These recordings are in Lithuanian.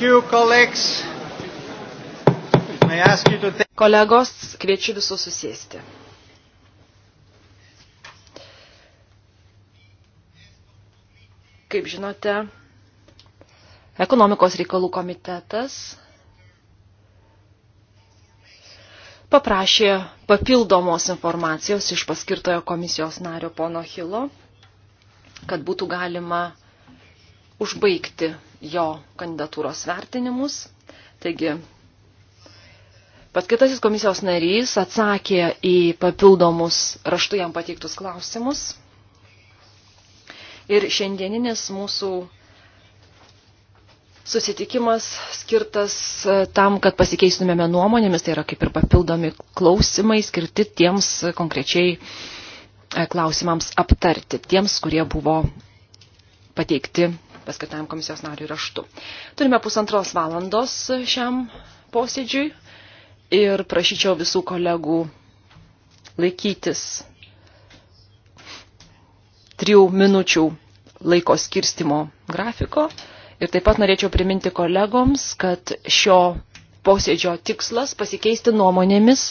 You, to... Kolegos, kviečiu visus susėsti. Kaip žinote, ekonomikos reikalų komitetas paprašė papildomos informacijos iš paskirtojo komisijos nario pono Hilo, kad būtų galima užbaigti jo kandidatūros vertinimus. Taigi, paskitasis komisijos narys atsakė į papildomus raštu jam pateiktus klausimus. Ir šiandieninis mūsų susitikimas skirtas e, tam, kad pasikeistumėme nuomonėmis, tai yra kaip ir papildomi klausimai skirti tiems konkrečiai e, klausimams aptarti, tiems, kurie buvo pateikti paskirtam komisijos nariui raštu. Turime pusantros valandos šiam posėdžiui ir prašyčiau visų kolegų laikytis trijų minučių laiko skirstimo grafiko. Ir taip pat norėčiau priminti kolegoms, kad šio posėdžio tikslas pasikeisti nuomonėmis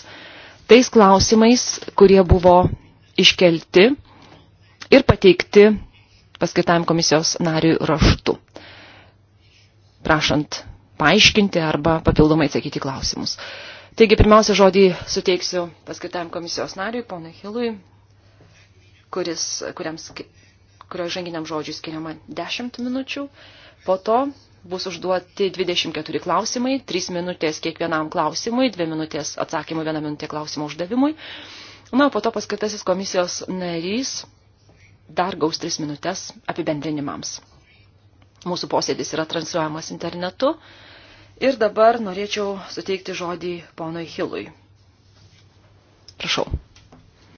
tais klausimais, kurie buvo iškelti ir pateikti paskirtam komisijos nariui raštu, prašant paaiškinti arba papildomai atsakyti klausimus. Taigi, pirmiausia, žodį suteiksiu paskirtam komisijos nariui, ponui Hilui, kuris, kuriams, kurio žanginiam žodžiui skiriama 10 minučių. Po to bus užduoti 24 klausimai, 3 minutės kiekvienam klausimui, 2 minutės atsakymui, 1 minutė klausimo uždavimui. Na, po to paskirtasis komisijos narys dar gaus tris minutės apibendrinimams. Mūsų posėdis yra transliuojamas internetu ir dabar norėčiau suteikti žodį ponui Hilui. Prašau.